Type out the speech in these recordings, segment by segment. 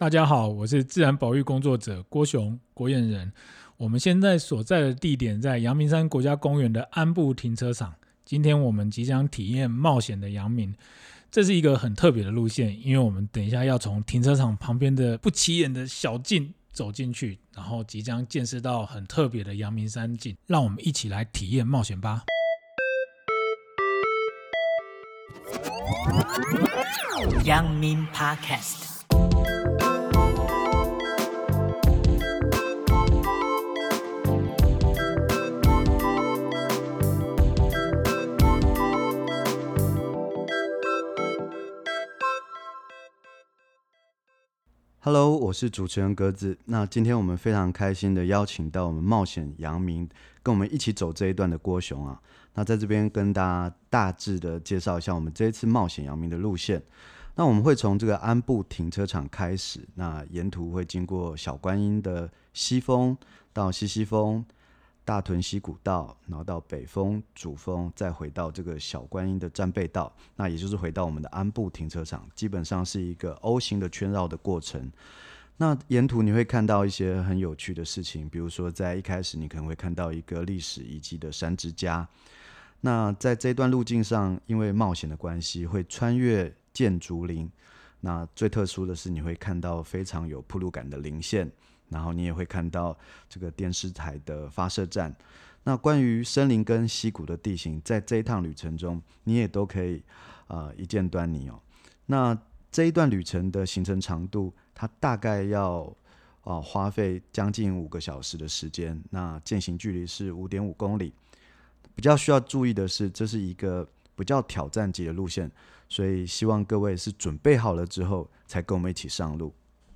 大家好，我是自然保育工作者郭熊郭彥仁。我們現在所在的地點在陽明山國家公園的鞍部停車場。今天我們即將體驗冒險的陽明，這是一個很特別的路線，因為我們等一下要從停車場旁邊的不起眼的小徑走進去，然後即將見識到很特別的陽明山景。讓我們一起來體驗冒險吧！陽明 Podcast。Hello，我是主持人格子。那今天我們非常開心的邀請到我們冒險陽明跟我們一起走這一段的郭熊啊。那在這邊跟大家大致的介紹一下我們這一次冒險陽明的路線。那我們會從這個鞍部停車場開始，那沿途會經過小觀音的西峰到西西峰。大屯溪古道，然後到北峰主峰，再回到這個小觀音的戰備道，那也就是回到我們的鞍部停車場，基本上是一個 O 型的圈繞的過程。那沿途你會看到一些很有趣的事情，比如說在一開始你可能會看到一個歷史遺跡的山之家。那在這段路徑上，因為冒險的關係，會穿越箭竹林。那最特殊的是，你會看到非常有鋪路感的林線。然後你也會看到這個電視台的發射站。那關於森林跟溪谷的地形，在這一趟旅程中，你也都可以啊、呃、一見端倪哦。那這一段旅程的行程長度，它大概要啊、呃、花費將近五個小時的時間。那健行距離是五點五公里。比較需要注意的是，這是一個比較挑戰級的路線，所以希望各位是準備好了之後，才跟我們一起上路。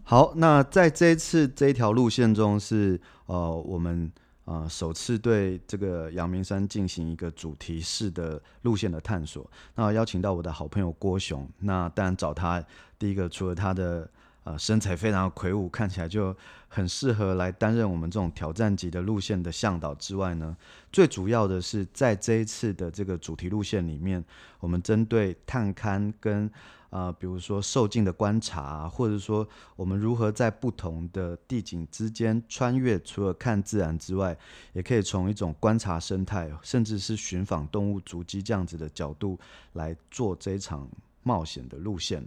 好，那在這一次這一條路線中是呃我們呃首次對這個陽明山進行一個主題式的路線的探索。那邀請到我的好朋友郭熊，那當然找他第一個除了他的呃身材非常的魁梧，看起來就很適合來擔任我們這種挑戰級的路線的嚮導之外呢，最主要的是在這一次的這個主題路線裡面，我們針對探勘跟。啊、呃，比如說獸跡的觀察，或者說我們如何在不同的地景之間穿越，除了看自然之外，也可以從一種觀察生態，甚至是尋訪動物足跡這樣子的角度來做這一場冒險的路線。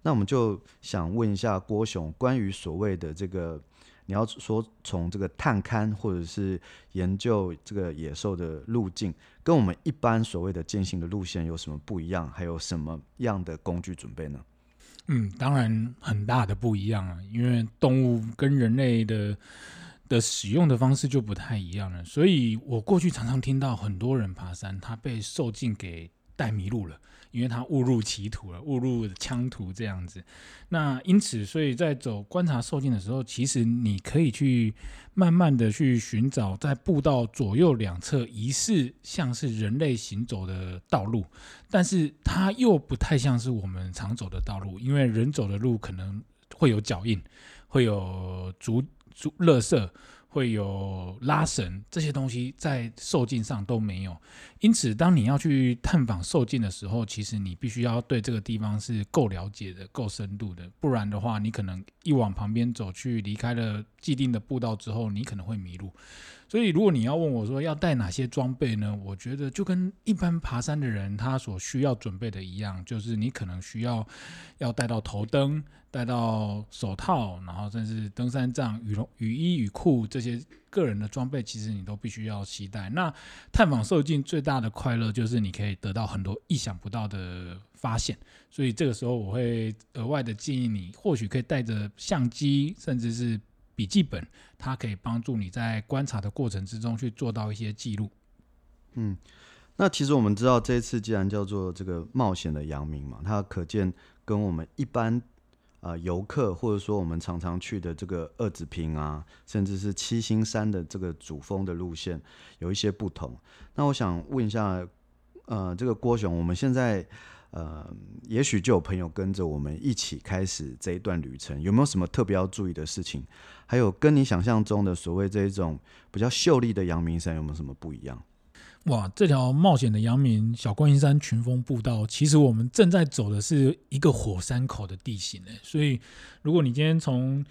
那我們就想問一下郭熊，關於所謂的這個，你要說從這個探勘或者是研究這個野獸的路徑。跟我們一般所謂的健行的路線有什麼不一樣？還有什麼樣的工具準備呢？嗯，當然很大的不一樣啊，因為動物跟人類的的使用的方式就不太一樣了。所以我過去常常聽到很多人爬山，他被獸徑給帶迷路了。因為他誤入歧途了，誤入羌途這樣子。那因此，所以在走觀察獸徑的時候，其實你可以去慢慢的去尋找，在步道左右兩側疑似像是人類行走的道路，但是它又不太像是我們常走的道路，因為人走的路可能會有腳印，會有足足樂色。會有拉繩這些東西在獸徑上，都沒有，因此當你要去探訪獸徑的時候，其實你必須要對這個地方是夠了解的、夠深度的，不然的話，你可能一往旁邊走去，離開了既定的步道之後，你可能會迷路。所以，如果你要問我說要帶哪些裝備呢？我覺得就跟一般爬山的人他所需要準備的一樣，就是你可能需要要帶到頭燈、帶到手套，然後甚至登山杖、羽絨、雨衣、雨褲這些個人的裝備，其實你都必須要攜帶。那探訪獸徑最大的快樂就是你可以得到很多意想不到的發現，所以這個時候我會額外的建議你，或許可以帶着相機，甚至是筆記本。它可以幫助你在觀察的過程之中去做到一些記錄。嗯，那其實我們知道，這一次既然叫做這個冒險的陽明嘛，它可見跟我們一般啊，呃、遊客或者說我們常常去的這個二子坪啊，甚至是七星山的這個主峰的路線有一些不同。那我想問一下，呃，這個郭熊，我們現在。呃，也許就有朋友跟着我們一起開始這一段旅程，有沒有什麼特別要注意的事情？還有跟你想象中的所謂這一種比較秀麗的陽明山，有沒有什麼不一樣？哇，這條冒險的陽明小觀音山群峰步道，其實我們正在走的是一個火山口的地形呢。所以，如果你今天從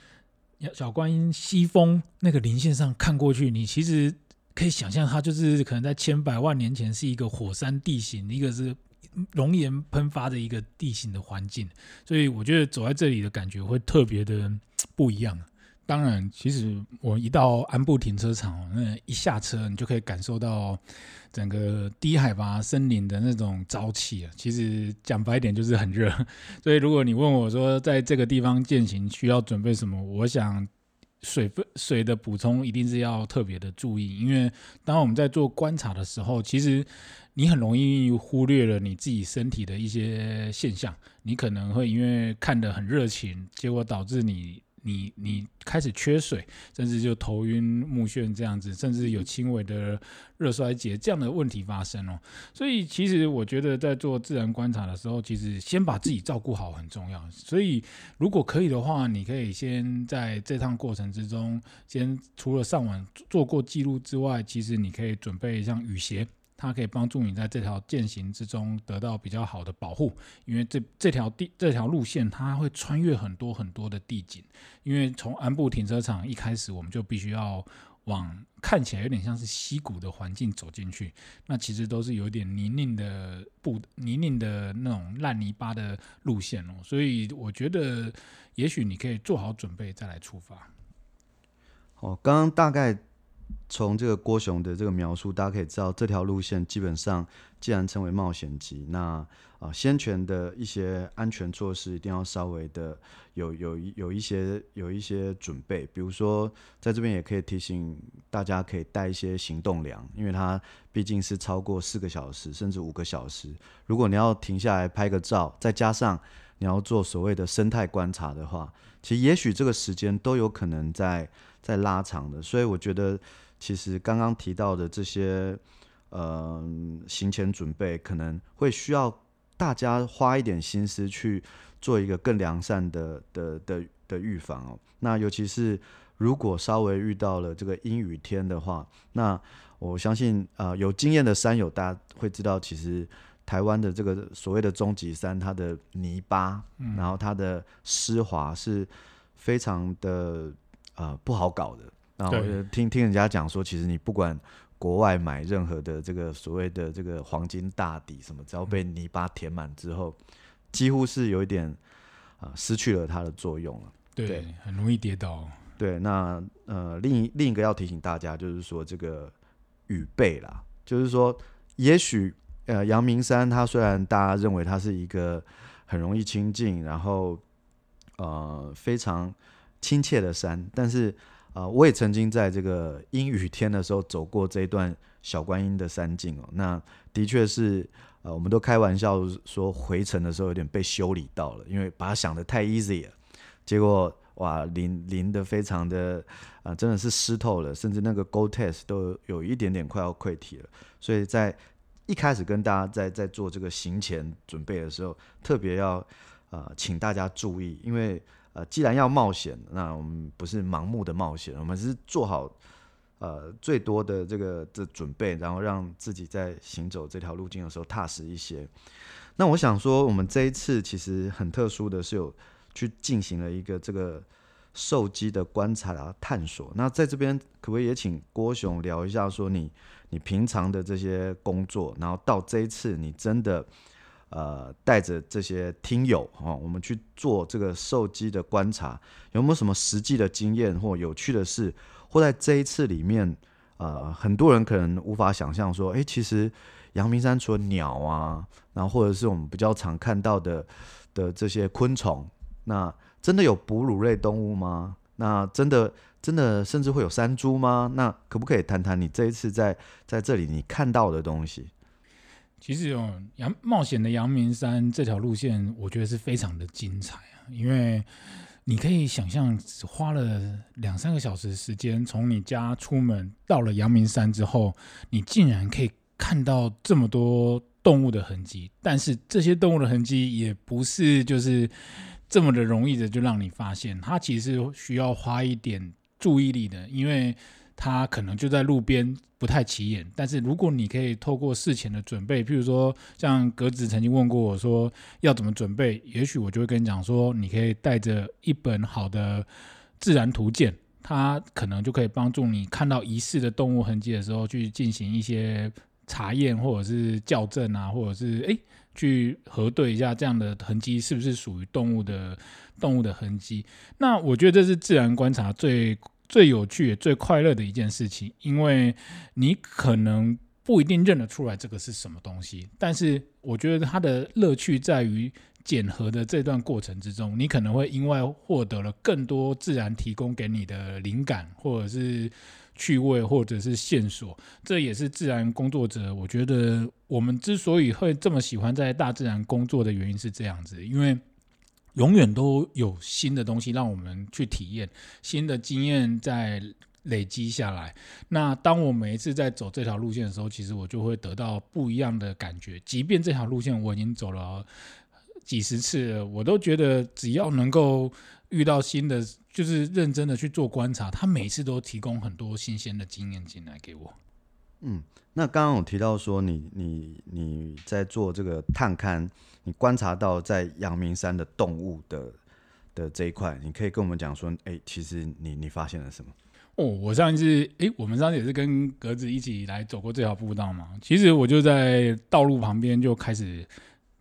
小觀音西峰那個稜線上看過去，你其實可以想象它就是可能在千百萬年前是一個火山地形，一個是。熔岩噴發的一個地形的環境，所以我覺得走在這裡的感覺會特別的不一樣。當然，其實我一到鞍部停車場，那一下車，你就可以感受到整個低海拔森林的那種朝氣啊。其實講白點就是很熱。所以如果你問我說，在這個地方健行需要準備什麼，我想。水分，水的補充一定是要特別的注意，因為當我們在做觀察的時候，其實你很容易忽略了你自己身體的一些現象，你可能會因為看得很熱情，結果導致你。你你開始缺水，甚至就頭暈目眩這樣子，甚至有輕微的熱衰竭這樣的問題發生哦。所以其實我覺得在做自然觀察的時候，其實先把自己照顧好很重要。所以如果可以的話，你可以先在這趟過程之中，先除了上網做過記錄之外，其實你可以準備像雨鞋。它可以幫助你在這條健行之中得到比較好的保護，因為這這條地，這條路線，它會穿越很多很多的地景。因為從鞍部停車場一開始，我們就必須要往看起來有點像是溪谷的環境走進去，那其實都是有點泥濘的不泥濘的那種爛泥巴的路線哦。所以我覺得，也許你可以做好準備再來出發。好，剛剛大概。從這個郭熊的這個描述，大家可以知道這條路線基本上，既然稱為冒險級，那啊、呃，先前的一些安全措施一定要稍微的有有有一些有一些準備。比如說，在這邊也可以提醒大家，可以帶一些行動糧，因為它畢竟是超過四個小時，甚至五個小時。如果你要停下來拍個照，再加上你要做所謂的生態觀察的話，其實也許這個時間都有可能在。在拉長的，所以我覺得，其實剛剛提到的這些，呃，行前準備可能會需要大家花一點心思去做一個更良善的的的的預防哦。那尤其是如果稍微遇到了這個陰雨天的話，那我相信啊、呃，有經驗的山友大家會知道，其實台灣的這個所謂的中級山，它的泥巴，嗯、然後它的濕滑是非常的。呃，不好搞的。那聽對聽人家講說，其實你不管國外買任何的這個所謂的這個黃金大底什麼，只要被泥巴填滿之後，幾乎是有一點啊、呃、失去了它的作用了對。對，很容易跌倒。對，那呃，另一另一個要提醒大家就是說這個雨備啦，就是說也許呃，陽明山他雖然大家認為他是一個很容易親近，然後呃非常。親切的山，但是啊、呃，我也曾經在這個陰雨天的時候走過這一段小觀音的山徑哦。那的確是，啊、呃，我們都開玩笑說回程的時候有點被修理到了，因為把它想得太 easy 了，結果哇淋淋的非常的啊、呃，真的是濕透了，甚至那個 Gore-Tex 都有一點點快要潰堤了。所以在一開始跟大家在在做這個行前準備的時候，特別要啊、呃、請大家注意，因為。呃，既然要冒險，那我們不是盲目的冒險，我們是做好呃最多的這個的、這個、準備，然後讓自己在行走這條路徑的時候踏實一些。那我想說，我們這一次其實很特殊的是有去進行了一個這個獸跡的觀察啊探索。那在這邊可不可以也請郭熊聊一下，說你你平常的這些工作，然後到這一次你真的。呃，帶着這些聽友啊、哦，我們去做這個獸跡的觀察，有沒有什麼實際的經驗或有趣的事？或在這一次裡面，呃，很多人可能無法想象說，哎、欸，其實陽明山除了鳥啊，然後或者是我們比較常看到的的這些昆蟲，那真的有哺乳類動物嗎？那真的真的甚至會有山豬嗎？那可不可以談談你這一次在在這裡你看到的東西？其實有、哦，陽冒險的陽明山這條路線，我覺得是非常的精彩啊！因為你可以想象，只花了兩三個小時時間，從你家出門到了陽明山之後，你竟然可以看到這麼多動物的痕跡。但是這些動物的痕跡也不是就是這麼的容易的就讓你發現，它其實需要花一點注意力的，因為。它可能就在路邊，不太起眼。但是如果你可以透過事前的準備，譬如說像格子曾經問過我說要怎麼準備，也許我就會跟你講說，你可以帶着一本好的自然圖鑑，它可能就可以幫助你看到疑似的動物痕跡的時候，去進行一些查驗或者是校正啊，或者是誒去核對一下這樣的痕跡是不是屬於動物的動物的痕跡。那我覺得這是自然觀察最。最有趣也最快樂的一件事情，因為你可能不一定認得出來這個是什麼東西，但是我覺得它的樂趣在於檢核的這段過程之中，你可能會因為獲得了更多自然提供給你的靈感，或者是趣味，或者是線索，這也是自然工作者。我覺得我們之所以會這麼喜歡在大自然工作的原因是這樣子，因為。永遠都有新的東西讓我們去體驗，新的經驗在累積下來。那當我每一次在走這條路線的時候，其實我就會得到不一樣的感覺。即便這條路線我已經走了幾十次了，我都覺得只要能夠遇到新的，就是認真的去做觀察，他每次都提供很多新鮮的經驗進來給我。嗯，那剛剛我提到說你，你你你在做這個探勘。你觀察到在陽明山的動物的的這一塊，你可以跟我們講說，哎、欸，其實你你發現了什麼？哦，我上一次，哎、欸，我們上次也是跟格子一起來走過這條步道嘛。其實我就在道路旁邊就開始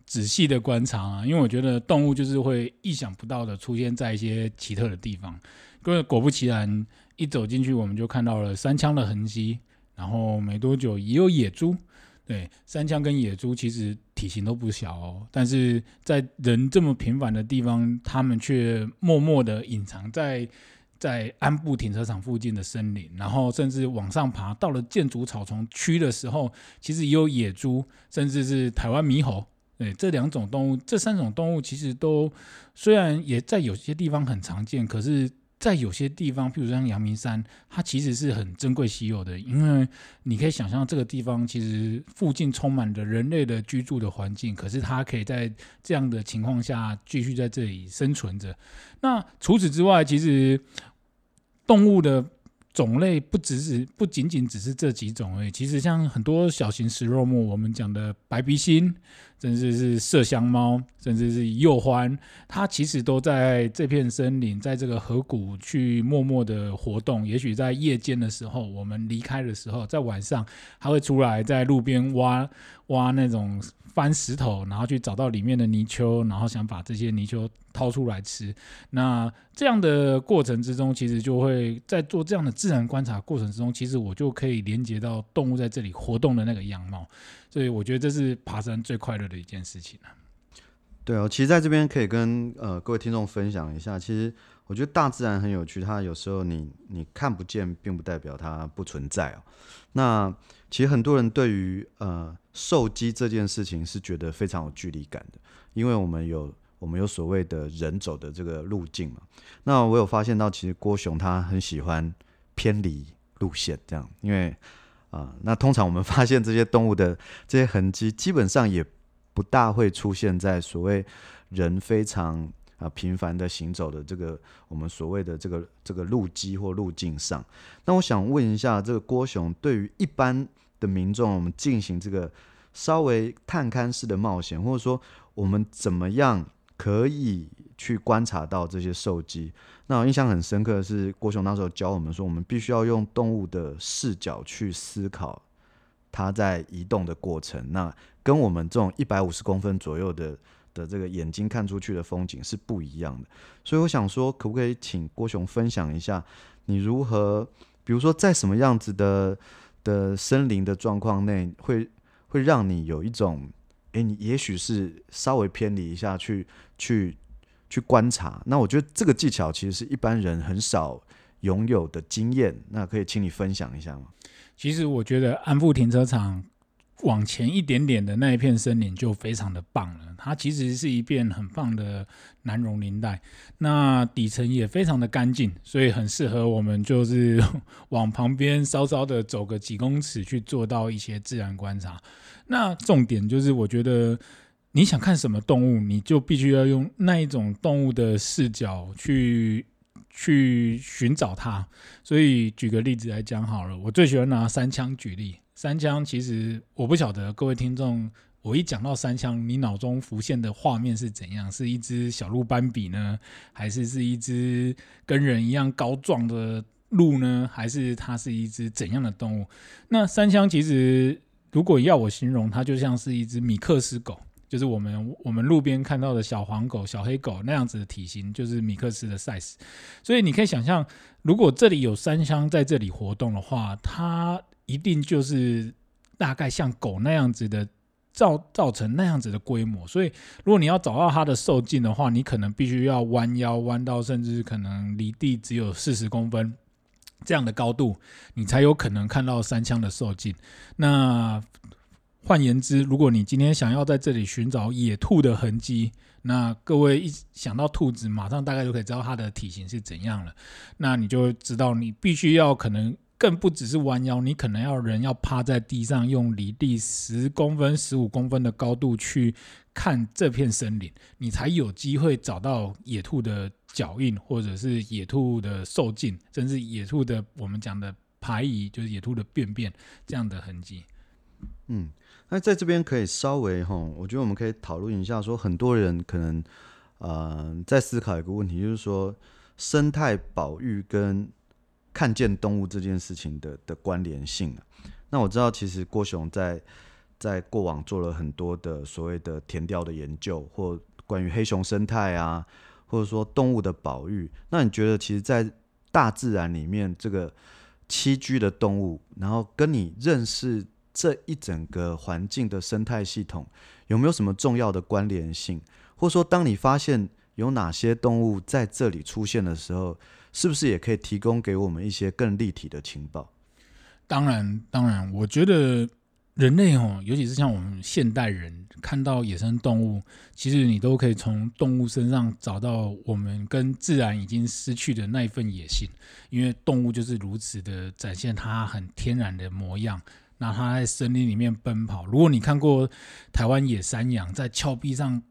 仔細的觀察、啊，因為我覺得動物就是會意想不到的出現在一些奇特的地方。果果不其然，一走進去我們就看到了山羌的痕跡，然後沒多久也有野豬。對，山羌跟野豬其實體型都不小哦，但是在人這麼頻繁的地方，它們卻默默的隱藏在在鞍部停車場附近的森林，然後甚至往上爬到了箭竹草叢區的時候，其實也有野豬，甚至是台灣獼猴。對，這兩種動物，這三種動物其實都雖然也在有些地方很常見，可是。在有些地方，譬如像陽明山，它其實是很珍貴稀有的，因為你可以想象這個地方其實附近充滿了人類的居住的環境，可是它可以在這樣的情況下繼續在這裡生存着。那除此之外，其實動物的。種類不只是不僅僅只是這幾種而已。其實像很多小型食肉目，我們講的白鼻心，甚至是麝香貓，甚至是鼬獾，它其實都在這片森林，在這個河谷去默默的活動。也許在夜間的時候，我們離開的時候，在晚上，它會出來在路邊挖挖那種。翻石頭，然後去找到裡面的泥鰍，然後想把這些泥鰍掏出來吃。那這樣的過程之中，其實就會在做這樣的自然觀察過程之中，其實我就可以連接到動物在這裡活動的那個樣貌。所以我覺得這是爬山最快樂的一件事情了啊。對哦，其實在這邊可以跟呃各位聽眾分享一下，其實我覺得大自然很有趣，它有時候你你看不見，並不代表它不存在哦。那其實很多人對於呃獸跡這件事情是覺得非常有距離感的，因為我們有我們有所謂的人走的這個路徑嘛。那我有發現到，其實郭熊他很喜歡偏離路線這樣，因為啊、呃，那通常我們發現這些動物的這些痕跡，基本上也不大會出現在所謂人非常。啊，頻繁的行走的這個我們所謂的這個這個路基或路徑上。那我想問一下，這個郭熊對於一般的民眾，我們進行這個稍微探勘式的冒險，或者說我們怎麼樣可以去觀察到這些獸跡？那我印象很深刻的是，郭熊那時候教我們說，我們必須要用動物的視角去思考它在移動的過程。那跟我們這種一百五十公分左右的。的這個眼睛看出去的風景是不一樣的，所以我想說，可不可以請郭熊分享一下，你如何，比如說在什麼樣子的的森林的狀況內會，會會讓你有一種，誒，你也許是稍微偏離一下去，去去去觀察。那我覺得這個技巧其實是一般人很少擁有的經驗，那可以請你分享一下嗎？其實我覺得安富停車場。往前一點點的那一片森林就非常的棒了，它其實是一片很棒的楠榕林帶，那底層也非常的乾淨，所以很適合我們就是往旁邊稍稍的走個幾公尺去做到一些自然觀察。那重點就是，我覺得你想看什麼動物，你就必須要用那一種動物的視角去去尋找它。所以舉個例子來講好了，我最喜歡拿山羌舉例。山羌，其實我不曉得各位聽眾，我一講到山羌，你腦中浮現的畫面是怎樣？是一只小鹿斑比呢，還是是一只跟人一樣高壯的鹿呢？還是它是一只怎樣的動物？那山羌其實，如果要我形容，它就像是一只米克斯狗，就是我們我們路邊看到的小黃狗、小黑狗那樣子的體型，就是米克斯的 size。所以你可以想象，如果這裡有山羌在這裡活動的話，它，一定就是大概像狗那樣子的造造成那樣子的規模，所以如果你要找到它的獸徑的話，你可能必須要彎腰彎到甚至可能離地只有四十公分這樣的高度，你才有可能看到山羌的獸徑。那換言之，如果你今天想要在這裡尋找野兔的痕跡，那各位一想到兔子，馬上大概就可以知道它的體型是怎樣了。那你就知道你必須要可能。更不只是彎腰，你可能要人要趴在地上，用離地十公分、十五公分的高度去看這片森林，你才有機會找到野兔的腳印，或者是野兔的獸徑，甚至野兔的我們講的排遺，就是野兔的便便這樣的痕迹。嗯，那在這邊可以稍微哈，我覺得我們可以討論一下說，說很多人可能嗯、呃，在思考一個問題，就是說生態保育跟。看見動物這件事情的的關聯性啊，那我知道其實郭熊在在過往做了很多的所謂的田調的研究，或關於黑熊生態啊，或者說動物的保育。那你覺得其實，在大自然裡面這個棲居的動物，然後跟你認識這一整個環境的生態系統，有沒有什麼重要的關聯性？或者說，當你發現有哪些動物在這裡出現的時候，是不是也可以提供給我們一些更立體的情報？當然，當然，我覺得人類哦，尤其是像我們現代人，看到野生動物，其實你都可以從動物身上找到我們跟自然已經失去的那一份野性，因為動物就是如此的展現它很天然的模樣。那它在森林裡面奔跑，如果你看過台灣野山羊在峭壁上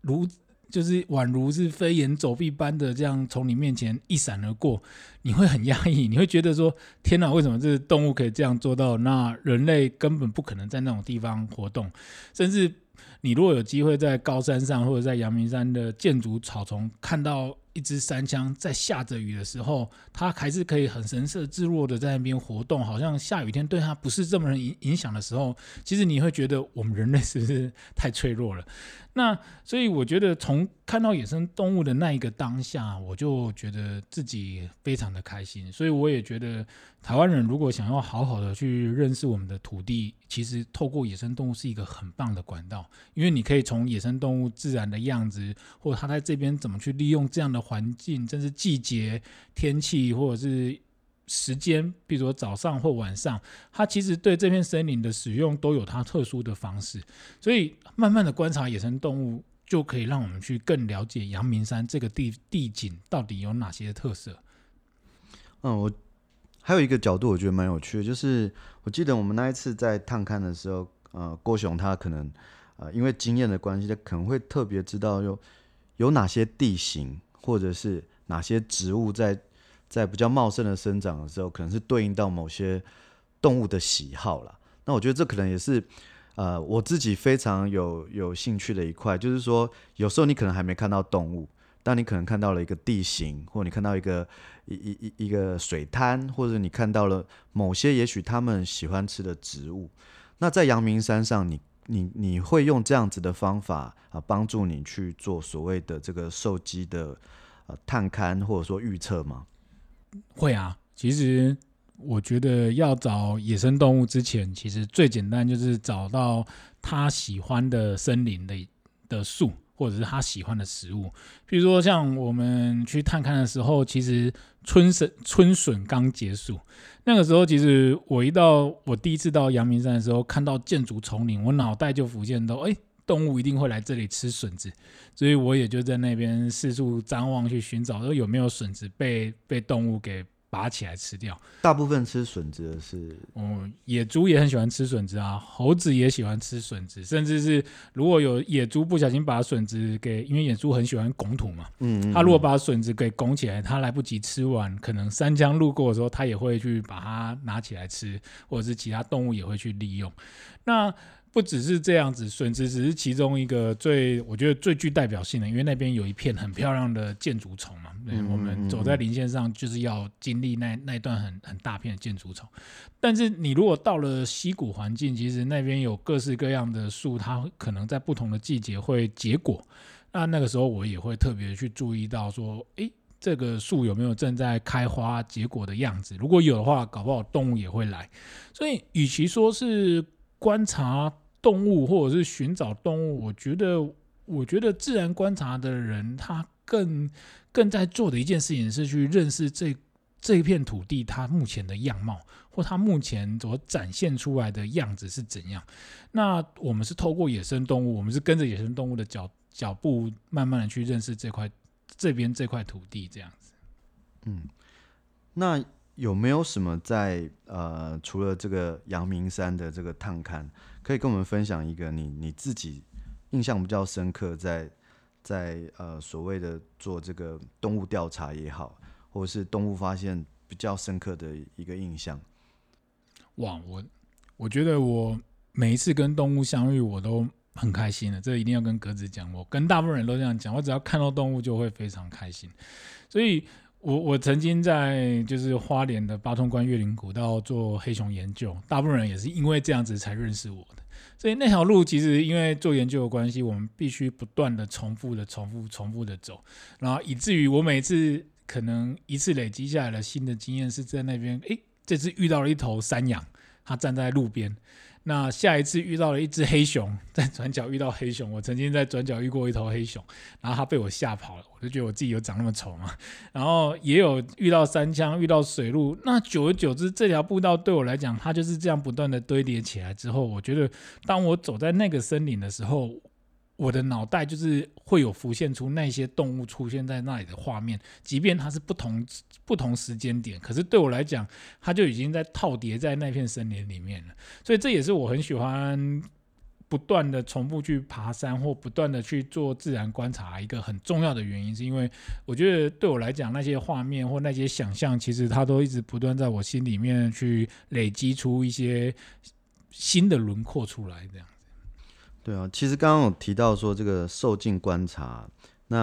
如。就是宛如是飛檐走壁般的這樣從你面前一閃而過，你會很訝異，你會覺得說：天哪，為什麼這動物可以這樣做到？那人類根本不可能在那種地方活動。甚至你如果有機會在高山上或者在陽明山的箭竹草叢看到。一隻山羌在下着雨的時候，它還是可以很神色自若的在那邊活動，好像下雨天對它不是這麼影影響的時候，其實你會覺得我們人類是不是太脆弱了？那所以我覺得從看到野生動物的那一個當下，我就覺得自己非常的開心。所以我也覺得台灣人如果想要好好的去認識我們的土地。其實，透過野生動物是一個很棒的管道，因為你可以從野生動物自然的樣子，或者，它在這邊怎麼去利用這樣的環境，甚至季節、天氣，或者是時間，比如說早上或晚上，它其實對這片森林的使用都有它特殊的方式。所以，慢慢的觀察野生動物，就可以讓我們去更了解陽明山這個地地景到底有哪些特色。嗯，我。還有一個角度，我覺得蠻有趣的，就是我記得我們那一次在探勘的時候，呃，郭熊他可能，呃，因為經驗的關係，他可能會特別知道有有哪些地形，或者是哪些植物在在比較茂盛的生長的時候，可能是對應到某些動物的喜好了。那我覺得這可能也是呃我自己非常有有興趣的一塊，就是說有時候你可能還沒看到動物。當你可能看到了一個地形，或你看到一個一一一一個水灘，或者你看到了某些也許他們喜歡吃的植物。那在陽明山上，你你你會用這樣子的方法啊，幫助你去做所謂的這個獸跡的啊探勘或者說預測嗎？會啊，其實我覺得要找野生動物之前，其實最簡單就是找到他喜歡的森林的的樹。或者是他喜歡的食物，比如說像我們去探看的時候，其實春筍春筍剛結束，那個時候其實我一到我第一次到陽明山的時候，看到箭竹叢林，我腦袋就浮現到，哎，動物一定會來這裡吃筍子，所以我也就在那邊四處張望去尋找，說有沒有筍子被被動物給。拔起來吃掉，大部分吃筍子的是，嗯，野豬也很喜歡吃筍子啊，猴子也喜歡吃筍子，甚至是如果有野豬不小心把筍子給，因為野豬很喜歡拱土嘛，嗯，嗯，它、啊、如果把筍子給拱起來，它來不及吃完，可能山羌路過的時候，它也會去把它拿起來吃，或者是其他動物也會去利用，那。不只是這樣子，筍子只是其中一個最我覺得最具代表性的，因為那邊有一片很漂亮的箭竹叢嘛，對，嗯嗯嗯。我們走在林線上，就是要經歷那那段很很大片的箭竹叢。但是你如果到了溪谷環境，其實那邊有各式各樣的樹，它可能在不同的季節會結果。那那個時候我也會特別去注意到說，誒、欸，這個樹有沒有正在開花結果的樣子？如果有的話，搞不好動物也會來。所以，與其說是觀察。動物，或者是尋找動物。我覺得，我覺得自然觀察的人，他更更在做的一件事情是去認識這這一片土地它目前的樣貌，或它目前所展現出來的樣子是怎樣。那我們是透過野生動物，我們是跟着野生動物的腳腳步，慢慢的去認識這塊這邊這塊土地這樣子。嗯，那有沒有什麼在呃，除了這個陽明山的這個探勘？可以跟我們分享一個你你自己印象比較深刻在、在在呃所謂的做這個動物調查也好，或者是動物發現比較深刻的一個印象。哇，我我覺得我每一次跟動物相遇，我都很開心的。這一定要跟格子講，我跟大部分人都這樣講，我只要看到動物就會非常開心，所以。我我曾經在就是花蓮的八通關越嶺古道做黑熊研究，大部分人也是因為這樣子才認識我的，所以那條路其實因為做研究的關係，我們必須不斷的重複的重複重複的走，然後以至於我每次可能一次累積下來的新的經驗，是在那邊，哎，這次遇到了一頭山羊，它站在路邊。那下一次遇到了一隻黑熊，在轉角遇到黑熊，我曾經在轉角遇過一頭黑熊，然後它被我嚇跑了，我就覺得我自己有長那麼醜嗎？然後也有遇到山羌，遇到水路，那久而久之，這條步道對我來講，它就是這樣不斷地堆疊起來之後，我覺得當我走在那個森林的時候。我的腦袋就是會有浮現出那些動物出現在那裡的畫面，即便它是不同不同時間點，可是對我來講，它就已經在套疊在那片森林裡面了。所以這也是我很喜歡不斷的重複去爬山或不斷的去做自然觀察一個很重要的原因，是因為我覺得對我來講，那些畫面或那些想象，其實它都一直不斷在我心裡面去累積出一些新的輪廓出來，這樣。對啊，其實剛剛有提到說這個獸跡觀察，那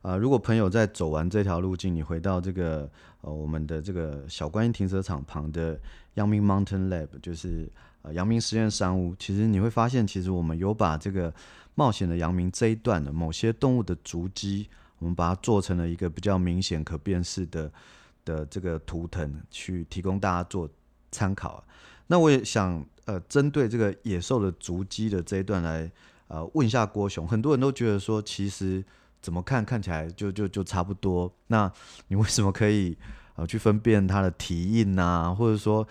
啊、呃，如果朋友在走完這條路徑，你回到這個呃我們的這個小觀音停車場旁的陽明 Mountain Lab，就是呃陽明實驗山屋。其實你會發現，其實我們有把這個冒險的陽明這一段的某些動物的足跡，我們把它做成了一個比較明顯可辨識的的這個圖騰，去提供大家做參考，啊。那我也想，呃，針對這個野獸的足跡的這一段來，呃，問一下郭熊。很多人都覺得說，其實怎麼看，看起來就就就差不多。那你為什麼可以，呃，去分辨它的蹄印呢？或者說，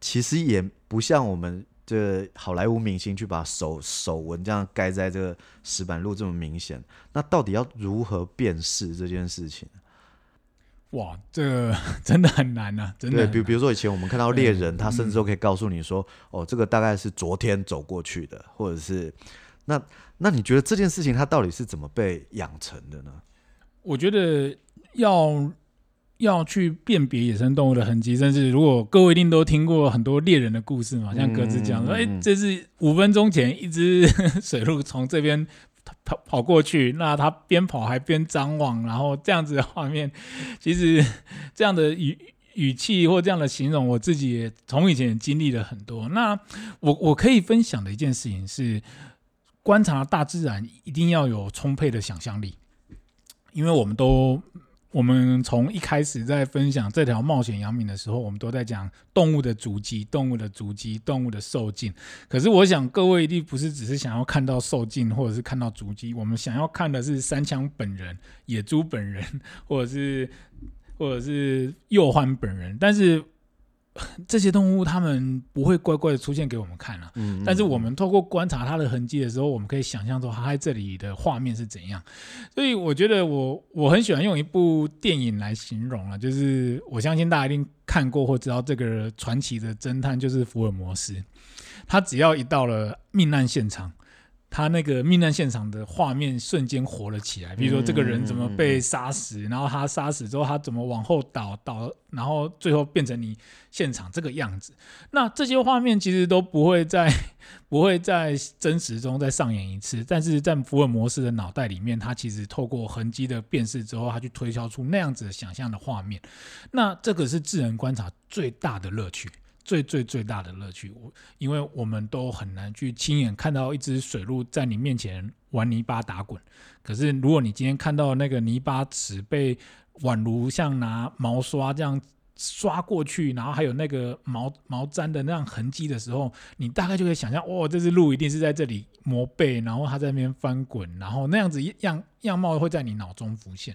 其實也不像我們這好萊塢明星去把手手紋這樣蓋在這個石板路這麼明顯。那到底要如何辨識這件事情？哇，這個、真的很難啊！真的很難。對，比比如說以前我們看到獵人，嗯、他甚至都可以告訴你說、嗯：“哦，這個大概是昨天走過去的，或者是……那那你覺得這件事情它到底是怎麼被養成的呢？”我覺得要要去辨別野生動物的痕跡，甚至如果各位一定都聽過很多獵人的故事嘛，像鴿子講、嗯、說：“哎，這是五分鐘前一只水鹿從這邊。”他跑過去，那他邊跑還邊張望，然後這樣子的畫面，其實這樣的語語氣或這樣的形容，我自己也從以前也經歷了很多。那我我可以分享的一件事情是，觀察大自然一定要有充沛的想象力，因為我們都。我們從一開始在分享這條冒險陽明的時候，我們都在講動物的足跡、動物的足跡、動物的獸徑。可是我想，各位一定不是只是想要看到獸徑，或者是看到足跡。我們想要看的是山羌本人、野豬本人，或者是或者是鼬獾本人。但是。這些動物它們不會乖乖的出現給我們看了啊，嗯嗯，但是我們透過觀察它的痕跡的時候，我們可以想象出它在這裡的畫面是怎樣。所以我覺得我我很喜歡用一部電影來形容啊，就是我相信大家一定看過或知道這個傳奇的偵探就是福爾摩斯，他只要一到了命案現場。他那個命案現場的畫面瞬間活了起來，比如說這個人怎麼被殺死，然後他殺死之後他怎麼往後倒倒，然後最後變成你現場這個樣子。那這些畫面其實都不會在不會在真實中再上演一次，但是在福爾摩斯的腦袋裡面，他其實透過痕跡的辨識之後，他去推敲出那樣子的想象的畫面。那這個是智能觀察最大的樂趣。最最最大的樂趣，我因為我們都很難去親眼看到一隻水鹿在你面前玩泥巴打滾，可是如果你今天看到那個泥巴池被宛如像拿毛刷這樣刷過去，然後還有那個毛毛氈的那樣痕跡的時候，你大概就可以想象，哇、哦，這隻鹿一定是在這裡磨背，然後它在那邊翻滾，然後那樣子一樣。樣貌會在你腦中浮現，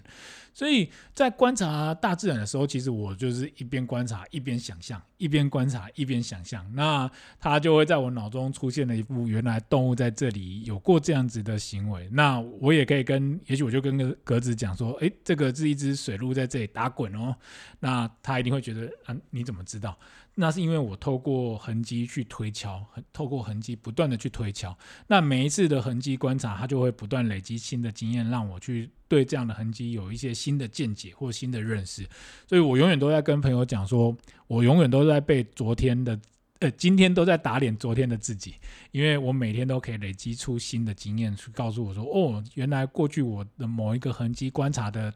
所以在觀察大自然的時候，其實我就是一邊觀察一邊想象，一邊觀察一邊想象，那它就會在我腦中出現了一部原來動物在這裡有過這樣子的行為，那我也可以跟，也許我就跟格子講說，哎，這個是一隻水鹿在這裡打滾哦，那它一定會覺得，啊，你怎麼知道？那是因為我透過痕跡去推敲，透過痕跡不斷地去推敲。那每一次的痕跡觀察，它就會不斷累積新的經驗，讓我去對這樣的痕跡有一些新的見解或新的認識。所以我永遠都在跟朋友講說，我永遠都在被昨天的，呃，今天都在打臉昨天的自己，因為我每天都可以累積出新的經驗，去告訴我說，哦，原來過去我的某一個痕跡觀察的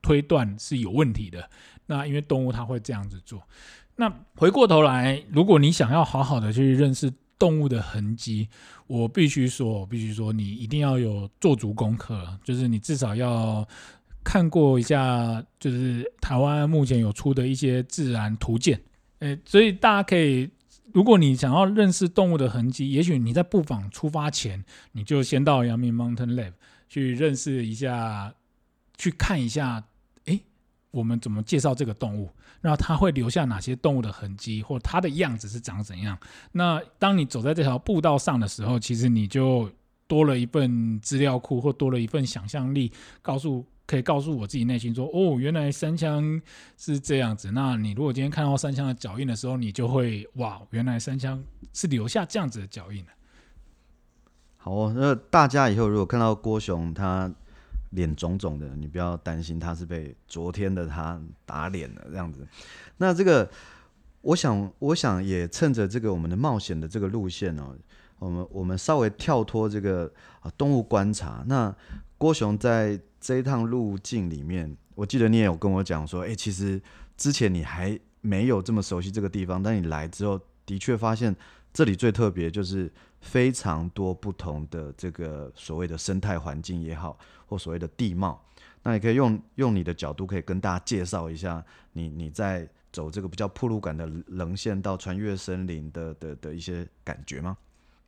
推斷是有問題的。那因為動物它會這樣子做。那回過頭來，如果你想要好好的去認識動物的痕跡，我必須說，必須說，你一定要有做足功課，就是你至少要看過一下，就是台灣目前有出的一些自然圖鑑，誒、欸，所以大家可以，如果你想要認識動物的痕跡，也許你在步訪出發前，你就先到陽明 Mountain Lab 去認識一下，去看一下，誒、欸，我們怎麼介紹這個動物。那他會留下哪些動物的痕跡，或它的樣子是長怎樣？那當你走在這條步道上的時候，其實你就多了一份資料庫，或多了一份想象力，告訴可以告訴我自己內心說：哦，原來山羌是這樣子。那你如果今天看到山羌的腳印的時候，你就會哇，原來山羌是留下這樣子的腳印、啊、好哦，那大家以後如果看到郭熊他。臉腫腫的，你不要擔心，他是被昨天的他打臉了這樣子。那這個，我想，我想也趁着這個我們的冒險的這個路線哦，我們我們稍微跳脫這個啊動物觀察。那郭熊在這一趟路徑裡面，我記得你也有跟我講說，哎，其實之前你還沒有這麼熟悉這個地方，但你來之後的確發現這裡最特別就是。非常多不同的這個所謂的生態環境也好，或所謂的地貌，那也可以用用你的角度可以跟大家介紹一下你你在走這個比較曝露感的稜線到穿越森林的的的一些感覺嗎？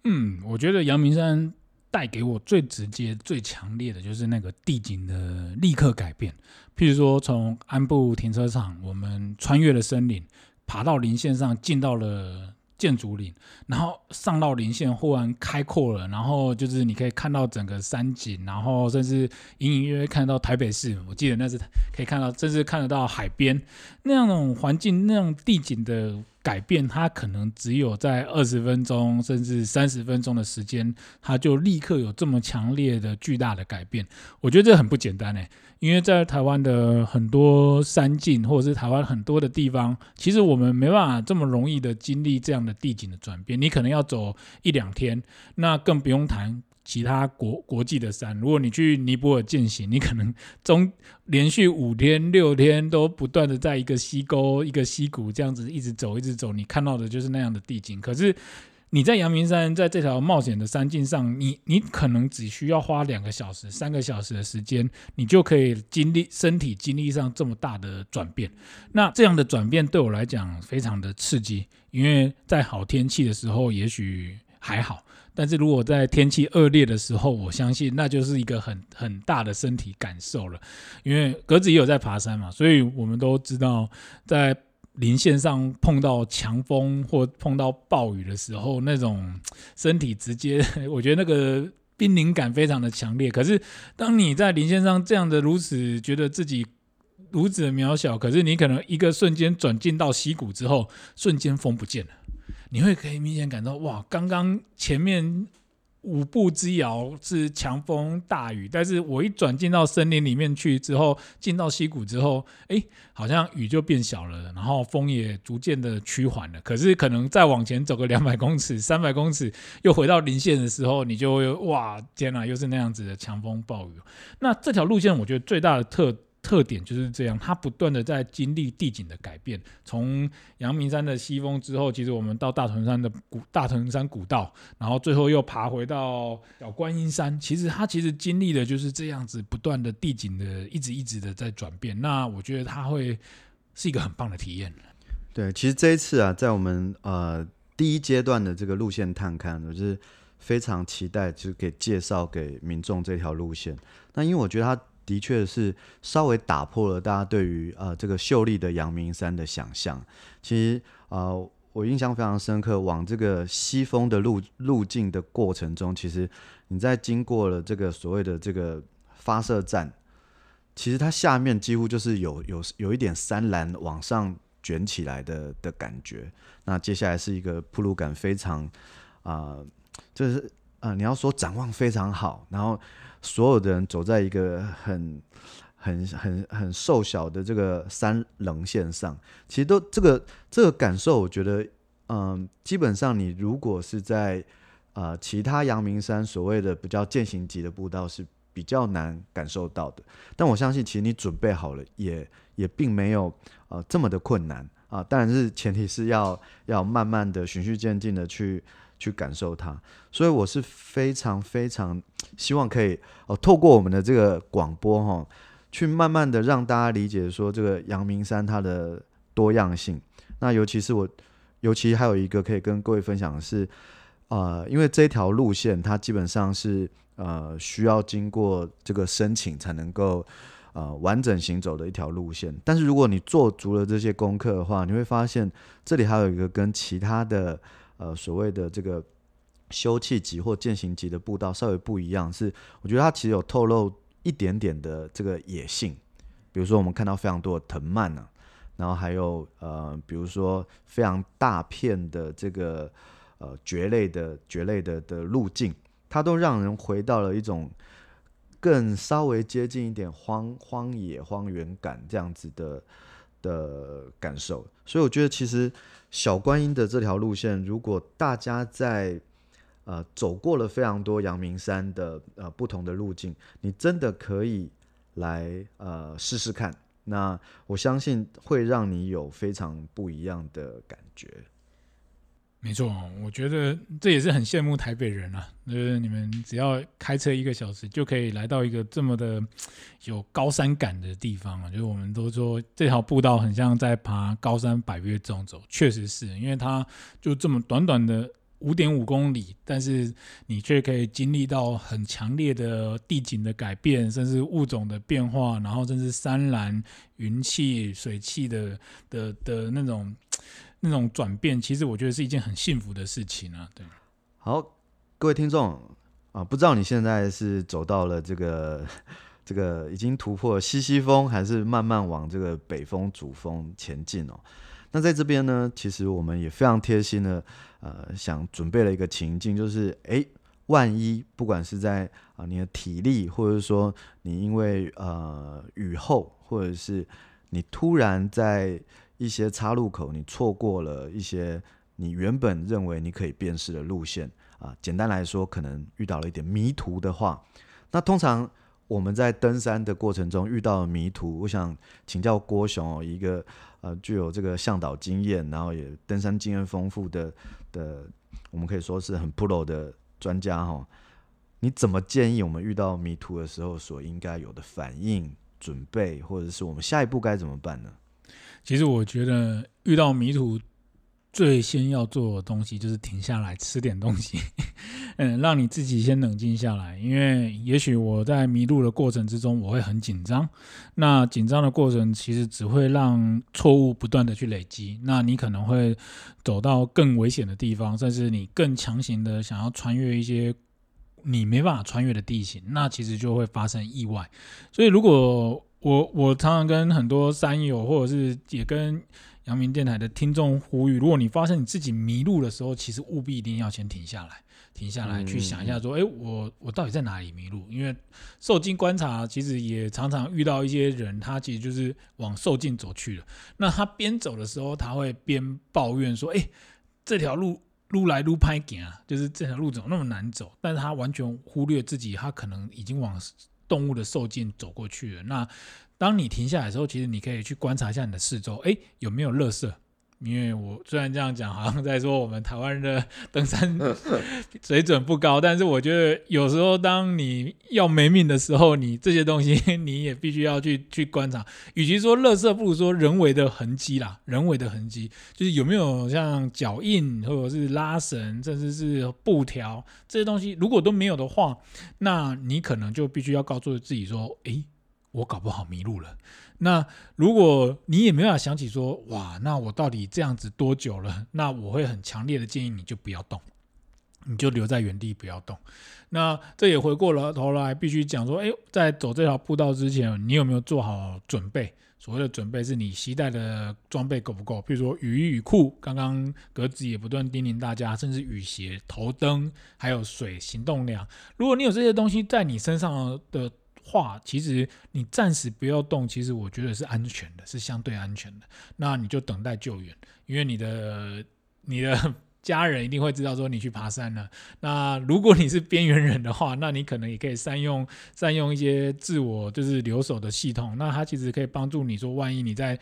嗯，我覺得陽明山帶給我最直接、最強烈的就是那個地景的立刻改變。譬如說，從鞍部停車場，我們穿越了森林，爬到林線上，進到了。箭竹林，然後上到林線，忽然開闊了，然後就是你可以看到整個山景，然後甚至隱隱約約看到台北市，我記得那是可以看到，甚至看得到海邊那種環境、那種地景的改變，它可能只有在二十分鐘甚至三十分鐘的時間，它就立刻有這麼強烈的、巨大的改變，我覺得這很不簡單哎。因為在台灣的很多山徑，或者是台灣很多的地方，其實我們沒辦法這麼容易的經歷這樣的地景的轉變。你可能要走一兩天，那更不用談其他國國際的山。如果你去尼泊爾健行，你可能中連續五天六天都不斷的在一個溪溝、一個溪谷這樣子一直走，一直走，你看到的就是那樣的地景。可是，你在陽明山在這條冒險的山徑上，你你可能只需要花兩個小時、三個小時的時間，你就可以經歷身體經歷上這麼大的轉變。那這樣的轉變對我來講非常的刺激，因為在好天氣的時候也許還好，但是如果在天氣惡劣的時候，我相信那就是一個很很大的身體感受了。因為格子也有在爬山嘛，所以我們都知道在。稜線上碰到強風或碰到暴雨的時候，那種身體直接，我覺得那個瀕臨感非常的強烈。可是，當你在稜線上這樣的如此覺得自己如此的渺小，可是你可能一個瞬間轉進到溪谷之後，瞬間風不見了，你會可以明顯感到，哇，剛剛前面。五步之遙是強風大雨，但是我一轉進到森林裡面去之後，進到溪谷之後，哎、欸，好像雨就變小了，然後風也逐漸的趨緩了。可是可能再往前走個兩百公尺、三百公尺，又回到林線的時候，你就會，哇，天哪、啊，又是那樣子的強風暴雨。那這條路線，我覺得最大的特。特點就是這樣，它不斷的在經歷地景的改變。從陽明山的西峰之後，其實我們到大屯山的古大屯山古道，然後最後又爬回到小觀音山。其實它其實經歷的就是這樣子，不斷的地景的一直一直的在轉變。那我覺得它會是一個很棒的體驗。對，其實這一次啊，在我們呃第一階段的這個路線探看，我就是非常期待，就是給介紹給民眾這條路線。那因為我覺得它。的確是稍微打破了大家對於呃這個秀麗的陽明山的想象其實呃，我印象非常深刻，往這個西峰的路路徑的過程中，其實你在經過了這個所謂的這個發射站，其實它下面幾乎就是有有有一點山巒，往上捲起來的的感覺。那接下來是一個鋪路感非常啊、呃，就是啊、呃，你要說展望非常好，然後，所有的人走在一個很、很、很、很瘦小的這個山稜線上，其實都這個這個感受，我覺得，嗯、呃，基本上你如果是在啊、呃，其他陽明山所謂的比較健行級的步道是比較難感受到的，但我相信其實你準備好了也，也也並沒有啊、呃，這麼的困難啊，呃、當然是前提是要要慢慢的循序漸進的去。去感受它，所以我是非常非常希望可以，呃，透過我們的這個廣播哈，去慢慢的讓大家理解說這個陽明山它的多樣性。那尤其是我，尤其還有一個可以跟各位分享的是，呃，因為這條路線它基本上是呃需要經過這個申請才能夠呃完整行走的一條路線。但是如果你做足了這些功課的話，你會發現這裡還有一個跟其他的。呃，所謂的這個休憩級或健行級的步道稍微不一樣，是我覺得它其實有透露一點點的這個野性，比如說我們看到非常多的藤蔓呢、啊，然後還有呃，比如說非常大片的這個呃蕨類的蕨類的蕨類的，的路徑，它都讓人回到了一種更稍微接近一點荒荒野荒原感這樣子的的感受，所以我覺得其實。小觀音的這條路線，如果大家在呃走過了非常多陽明山的呃不同的路徑，你真的可以來呃試試看，那我相信會讓你有非常不一樣的感覺。沒錯，我覺得這也是很羨慕台北人啊。就是你們只要開車一個小時，就可以來到一個這麼的有高山感的地方。啊。就是我們都說這條步道很像在爬高山百岳這種走，確實是因為它就這麼短短的五點五公里，但是你卻可以經歷到很強烈的地景的改變，甚至物種的變化，然後甚至山嵐、雲氣,水氣、水汽的的的那種。那種轉變，其實我覺得是一件很幸福的事情啊。對，好，各位聽眾啊，不知道你現在是走到了這個這個已經突破了西西峰，還是慢慢往這個北峰主峰前進哦？那在這邊呢，其實我們也非常貼心的，呃，想準備了一個情境，就是哎，萬一不管是在啊、呃、你的體力，或者說你因為呃雨後，或者是你突然在。一些岔路口，你錯過了一些你原本認為你可以辨識的路線啊。簡單來說，可能遇到了一點迷途的話，那通常我們在登山的過程中遇到迷途，我想請教郭熊、哦、一個呃具有這個嚮導經驗，然後也登山經驗豐富的的，我們可以說是很 pro 的專家哈、哦。你怎麼建議我們遇到迷途的時候所應該有的反應準備，或者是我們下一步該怎麼辦呢？其實我覺得遇到迷途，最先要做的東西就是停下來吃點東西，嗯，讓你自己先冷靜下來。因為也許我在迷路的過程之中，我會很緊張。那緊張的過程其實只會讓錯誤不斷的去累積。那你可能會走到更危險的地方，甚至你更強行的想要穿越一些你沒辦法穿越的地形，那其實就會發生意外。所以如果我我常常跟很多山友，或者是也跟陽明電台的聽眾呼籲，如果你發現你自己迷路的時候，其實務必一定要先停下來，停下來去想一下，說，誒、嗯欸，我我到底在哪裡迷路？因為獸徑觀察，其實也常常遇到一些人，他其實就是往獸徑走去了。那他邊走的時候，他會邊抱怨說，誒、欸，這條路路來路歹行啊，就是這條路怎麼那麼難走？但是他完全忽略自己，他可能已經往。動物的獸徑走過去了。那當你停下來的時候，其實你可以去觀察一下你的四周，哎、欸，有沒有垃圾？因為我雖然這樣講，好像在說我們臺灣的登山呵呵水準不高，但是我覺得有時候當你要沒命的時候，你這些東西你也必須要去去觀察。與其說垃圾，不如說人為的痕跡啦，人為的痕跡就是有沒有像腳印或者是拉繩，甚至是布條這些東西，如果都沒有的話，那你可能就必須要告訴自己說，誒，我搞不好迷路了。那如果你也沒辦法想起說，哇，那我到底這樣子多久了？那我會很強烈的建議你就不要動，你就留在原地不要動。那這也回過了頭來，必須講說，誒、欸，在走這條步道之前，你有沒有做好準備？所謂的準備是，你攜帶的裝備夠不夠？譬如說雨衣、雨褲，剛剛格子也不斷叮嚀大家，甚至雨鞋、頭燈，還有水、行動糧。如果你有這些東西在你身上的話其實你暫時不要動，其實我覺得是安全的，是相對安全的。那你就等待救援，因為你的你的家人一定會知道說你去爬山了。那如果你是邊緣人的話，那你可能也可以善用善用一些自我就是留守的系統。那它其實可以幫助你說，萬一你在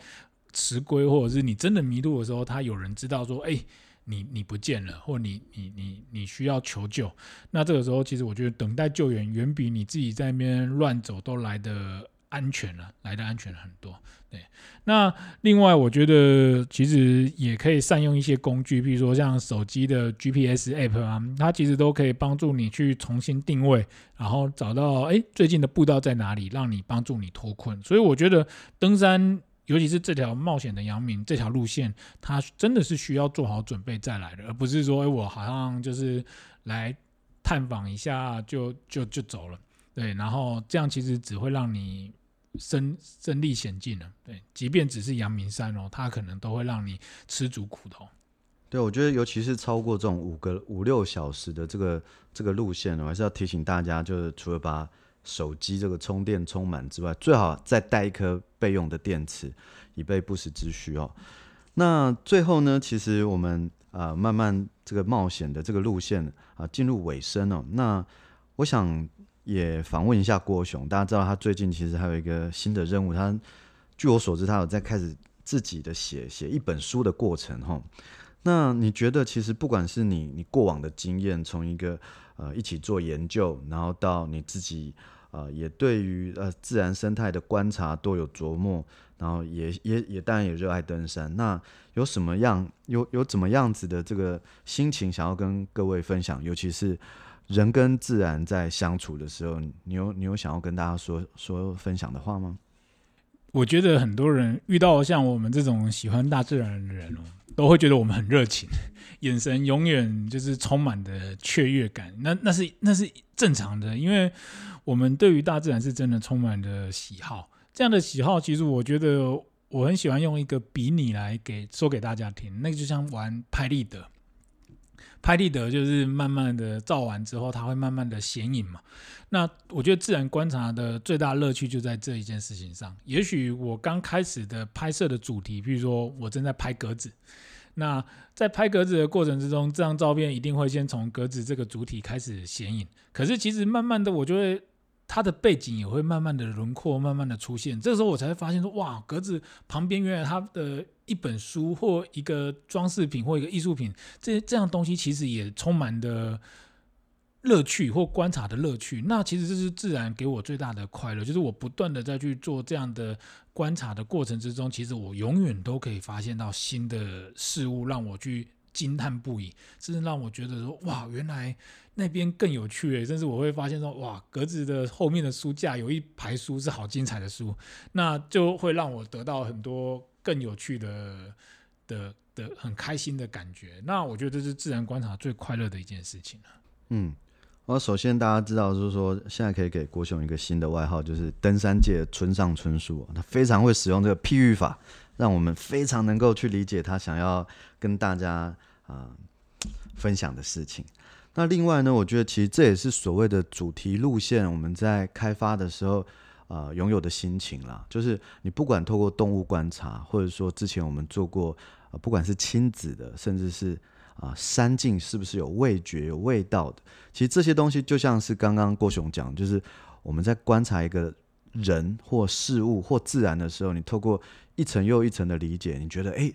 遲歸或者是你真的迷路的時候，他有人知道說，哎、欸。你你不見了，或你你你你需要求救，那這個時候其實我覺得等待救援遠比你自己在那邊亂走都來得安全了，來得安全了很多。對，那另外我覺得其實也可以善用一些工具，比如說像手機的 GPS app 啊，它其實都可以幫助你去重新定位，然後找到誒、欸、最近的步道在哪裡，讓你幫助你脫困。所以我覺得登山。尤其是這條冒險的陽明，這條路線，它真的是需要做好準備再來的，而不是說，欸，我好像就是來探訪一下就就就走了，對，然後這樣其實只會讓你身身歷險境了，對，即便只是陽明山哦，它可能都會讓你吃足苦頭、哦。對，我覺得尤其是超過這種五個五六小時的這個這個路線，我還是要提醒大家，就是除了把手機這個充電充滿之外，最好再帶一顆備用的電池，以備不時之需哦。那最後呢，其實我們啊、呃，慢慢這個冒險的這個路線啊、呃、進入尾聲哦。那我想也訪問一下郭熊，大家知道他最近其實還有一個新的任務，他據我所知，他有在開始自己的寫寫一本書的過程哈、哦。那你覺得，其實不管是你你過往的經驗，從一個呃一起做研究，然後到你自己。啊、呃，也對於呃自然生態的觀察多有琢磨，然後也也也當然也熱愛登山。那有什麼樣有有怎麼樣子的這個心情想要跟各位分享？尤其是人跟自然在相處的時候，你，你有你有想要跟大家說說分享的話嗎？我覺得很多人遇到像我們這種喜歡大自然的人哦，都會覺得我們很熱情，眼神永遠就是充滿的雀躍感。那那是那是正常的，因為。我們對於大自然是真的充滿了喜好。這樣的喜好，其實我覺得我很喜歡用一個比擬來給說給大家聽，那個就像玩拍立得。拍立得就是慢慢的照完之後，它會慢慢的顯影嘛。那我覺得自然觀察的最大樂趣就在這一件事情上。也許我剛開始的拍攝的主題，比如說我正在拍格子，那在拍格子的過程之中，這張照片一定會先從格子這個主體開始顯影。可是其實慢慢的，我就會。它的背景也會慢慢的輪廓慢慢的出現，這個時候我才發現說，哇，格子旁邊原來它的一本書或一個裝飾品或一個藝術品，這這樣東西其實也充滿的樂趣或觀察的樂趣。那其實這是自然給我最大的快樂，就是我不斷的在去做這樣的觀察的過程之中，其實我永遠都可以發現到新的事物讓我去。驚嘆不已，真是讓我覺得說，哇，原來那邊更有趣誒、欸，甚至我會發現說，哇，格子的後面的書架有一排書是好精彩的書，那就會讓我得到很多更有趣的的的很開心的感覺。那我覺得這是自然觀察最快樂的一件事情了、啊。嗯，我首先大家知道就是說，現在可以給郭熊一個新的外號，就是登山界村上春樹。他非常會使用這個譬喻法。讓我們非常能夠去理解他想要跟大家啊、呃、分享的事情。那另外呢，我覺得其實這也是所謂的主題路線，我們在開發的時候啊、呃、擁有的心情啦，就是你不管透過動物觀察，或者說之前我們做過啊、呃，不管是親子的，甚至是啊、呃、山徑是不是有味覺有味道的，其實這些東西就像是剛剛郭熊講，就是我們在觀察一個。人或事物或自然的時候，你透過一層又一層的理解，你覺得哎，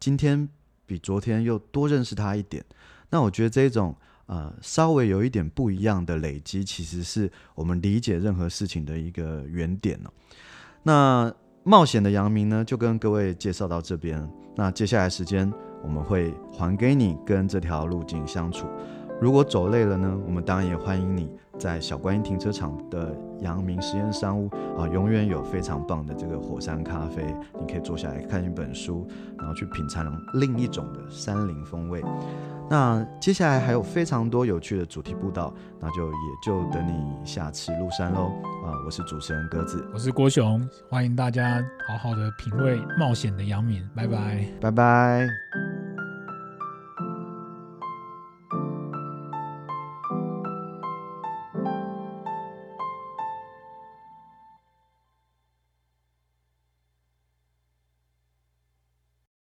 今天比昨天又多認識他一點。那我覺得這種呃稍微有一點不一樣的累積，其實是我們理解任何事情的一個原點哦。那冒險的陽明呢，就跟各位介紹到這邊。那接下來時間我們會還給你跟這條路徑相處。如果走累了呢，我們當然也歡迎你。在小觀音停車場的陽明實驗山屋啊，永遠有非常棒的這個火山咖啡，你可以坐下來看一本書，然後去品嘗另一種的山林風味。那接下來還有非常多有趣的主題步道，那就也就等你下次入山嘍啊、嗯呃！我是主持人鴿子，我是郭熊，歡迎大家好好的品味冒險的陽明，拜拜，嗯、拜拜。